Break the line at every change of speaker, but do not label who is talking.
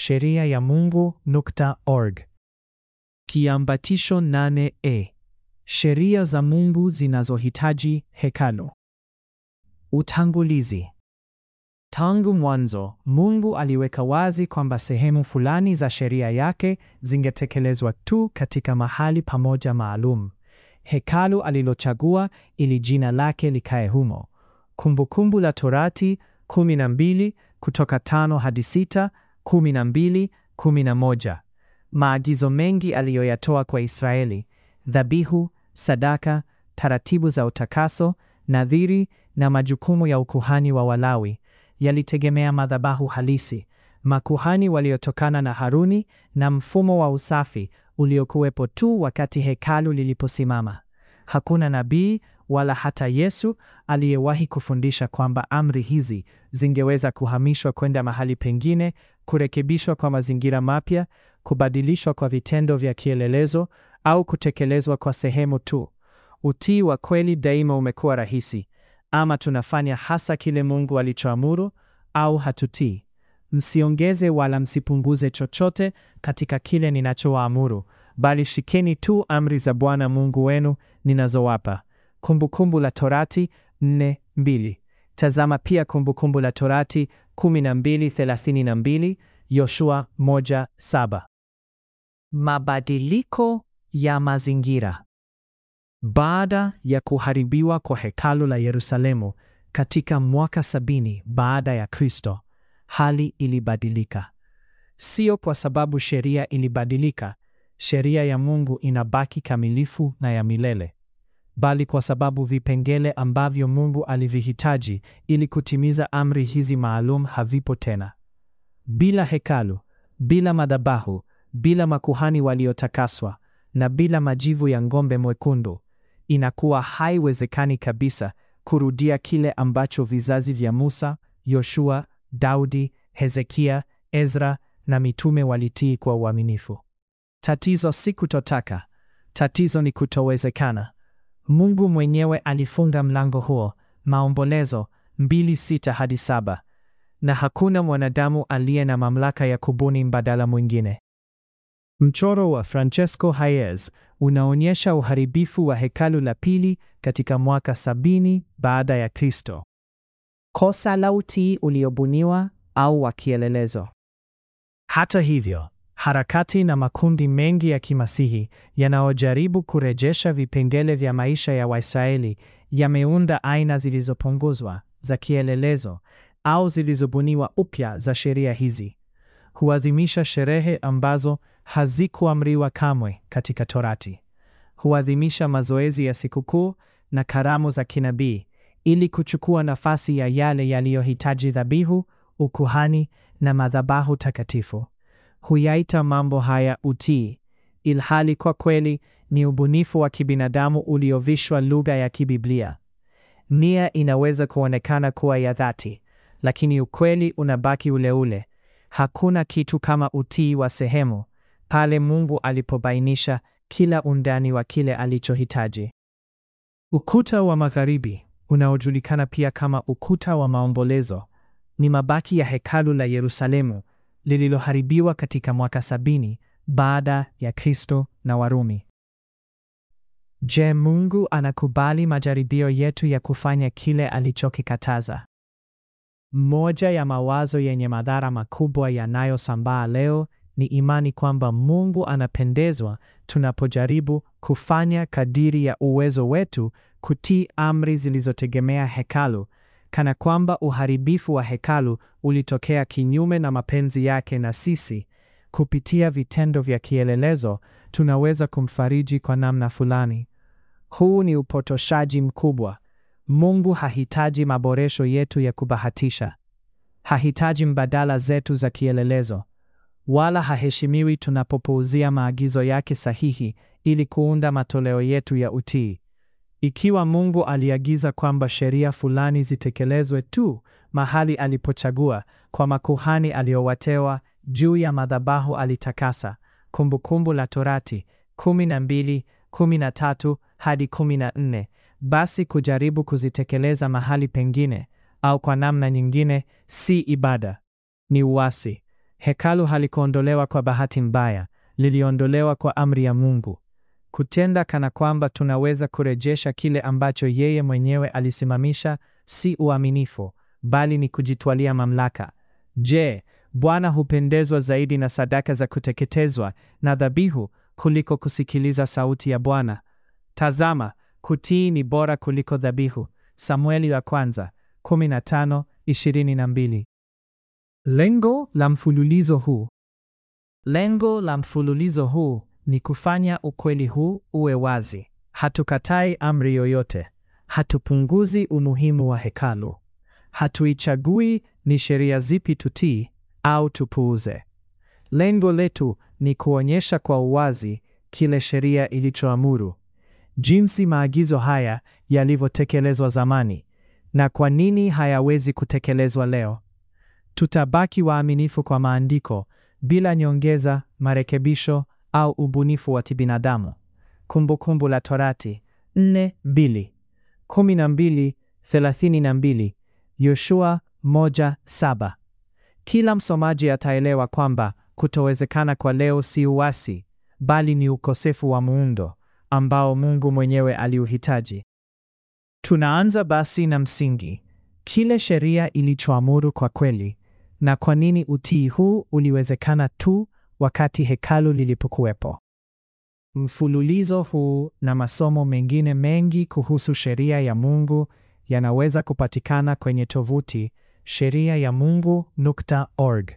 sheria ya Mungu.org. Kiambatisho 8e: e. sheria za Mungu zinazohitaji hekalu. Utangulizi. Tangu mwanzo, Mungu aliweka wazi kwamba sehemu fulani za sheria yake zingetekelezwa tu katika mahali pamoja maalum, hekalu alilochagua ili jina lake likae humo. Kumbukumbu la Torati 12 kutoka 5 hadi 6 12:11. maagizo mengi aliyoyatoa kwa Israeli: dhabihu, sadaka, taratibu za utakaso, nadhiri na majukumu ya ukuhani wa Walawi yalitegemea madhabahu halisi, makuhani waliotokana na Haruni na mfumo wa usafi uliokuwepo tu wakati hekalu liliposimama. Hakuna nabii wala hata Yesu aliyewahi kufundisha kwamba amri hizi zingeweza kuhamishwa kwenda mahali pengine, kurekebishwa kwa mazingira mapya, kubadilishwa kwa vitendo vya kielelezo au kutekelezwa kwa sehemu tu. Utii wa kweli daima umekuwa rahisi. Ama tunafanya hasa kile Mungu alichoamuru au hatutii. Msiongeze wala msipunguze chochote katika kile ninachowaamuru, bali shikeni tu amri za Bwana Mungu wenu ninazowapa. Kumbukumbu la Torati 4:2. Tazama pia Kumbukumbu la Torati 12:32, Yoshua 1:7. Mabadiliko ya mazingira. Baada ya kuharibiwa kwa hekalu la Yerusalemu katika mwaka sabini baada ya Kristo, hali ilibadilika. Sio kwa sababu sheria ilibadilika, sheria ya Mungu inabaki kamilifu na ya milele bali kwa sababu vipengele ambavyo Mungu alivihitaji ili kutimiza amri hizi maalum havipo tena. Bila hekalu, bila madhabahu, bila makuhani waliotakaswa na bila majivu ya ng'ombe mwekundu, inakuwa haiwezekani kabisa kurudia kile ambacho vizazi vya Musa, Yoshua, Daudi, Hezekia, Ezra na mitume walitii kwa uaminifu. Tatizo si kutotaka, tatizo ni kutowezekana. Mungu mwenyewe alifunga mlango huo, Maombolezo 2:6 hadi 7, na hakuna mwanadamu aliye na mamlaka ya kubuni mbadala mwingine. Mchoro wa Francesco Hayez unaonyesha uharibifu wa hekalu la pili katika mwaka sabini baada ya Kristo. Kosa la utii uliobuniwa au wa kielelezo. Hata hivyo, harakati na makundi mengi ya kimasihi yanayojaribu kurejesha vipengele vya maisha ya Waisraeli yameunda aina zilizopunguzwa za kielelezo au zilizobuniwa upya za sheria hizi. Huadhimisha sherehe ambazo hazikuamriwa kamwe katika Torati. Huadhimisha mazoezi ya sikukuu na karamu za kinabii ili kuchukua nafasi ya yale yaliyohitaji dhabihu, ukuhani na madhabahu takatifu huyaita mambo haya utii, ilhali kwa kweli ni ubunifu wa kibinadamu uliovishwa lugha ya kibiblia. Nia inaweza kuonekana kuwa ya dhati, lakini ukweli unabaki ule ule. Hakuna kitu kama utii wa sehemu, pale Mungu alipobainisha kila undani wa kile alichohitaji. Ukuta wa Magharibi, unaojulikana pia kama ukuta wa maombolezo, ni mabaki ya hekalu la Yerusalemu lililoharibiwa katika mwaka sabini baada ya Kristo na Warumi. Je, Mungu anakubali majaribio yetu ya kufanya kile alichokikataza? Moja ya mawazo yenye madhara makubwa yanayosambaa leo ni imani kwamba Mungu anapendezwa tunapojaribu kufanya kadiri ya uwezo wetu kutii amri zilizotegemea hekalu kana kwamba uharibifu wa hekalu ulitokea kinyume na mapenzi yake, na sisi kupitia vitendo vya kielelezo tunaweza kumfariji kwa namna fulani. Huu ni upotoshaji mkubwa. Mungu hahitaji maboresho yetu ya kubahatisha, hahitaji mbadala zetu za kielelezo, wala haheshimiwi tunapopuuzia maagizo yake sahihi ili kuunda matoleo yetu ya utii. Ikiwa Mungu aliagiza kwamba sheria fulani zitekelezwe tu mahali alipochagua kwa makuhani aliowatewa juu ya madhabahu alitakasa. Kumbukumbu la Torati 12:13 hadi 14. Basi kujaribu kuzitekeleza mahali pengine au kwa namna nyingine si ibada, ni uasi. Hekalu halikuondolewa kwa bahati mbaya, liliondolewa kwa amri ya Mungu. Kutenda kana kwamba tunaweza kurejesha kile ambacho yeye mwenyewe alisimamisha si uaminifu, bali ni kujitwalia mamlaka. Je, Bwana hupendezwa zaidi na sadaka za kuteketezwa na dhabihu kuliko kusikiliza sauti ya Bwana? Tazama, kutii ni bora kuliko dhabihu. Samueli wa kwanza 15:22. Lengo la mfululizo huu. Lengo la mfululizo huu ni kufanya ukweli huu uwe wazi. Hatukatai amri yoyote, hatupunguzi umuhimu wa hekalu, hatuichagui ni sheria zipi tutii au tupuuze. Lengo letu ni kuonyesha kwa uwazi kile sheria ilichoamuru, jinsi maagizo haya yalivyotekelezwa zamani na kwa nini hayawezi kutekelezwa leo. Tutabaki waaminifu kwa maandiko bila nyongeza, marekebisho au ubunifu wa kibinadamu. Kumbukumbu la Torati 412 32 Yoshua 1:7. Kila msomaji ataelewa kwamba kutowezekana kwa leo si uasi, bali ni ukosefu wa muundo ambao Mungu mwenyewe aliuhitaji. Tunaanza basi na msingi, kile sheria ilichoamuru kwa kweli, na kwa nini utii huu uliwezekana tu wakati hekalu lilipokuwepo. Mfululizo huu na masomo mengine mengi kuhusu sheria ya Mungu yanaweza kupatikana kwenye tovuti sheria ya mungu.org.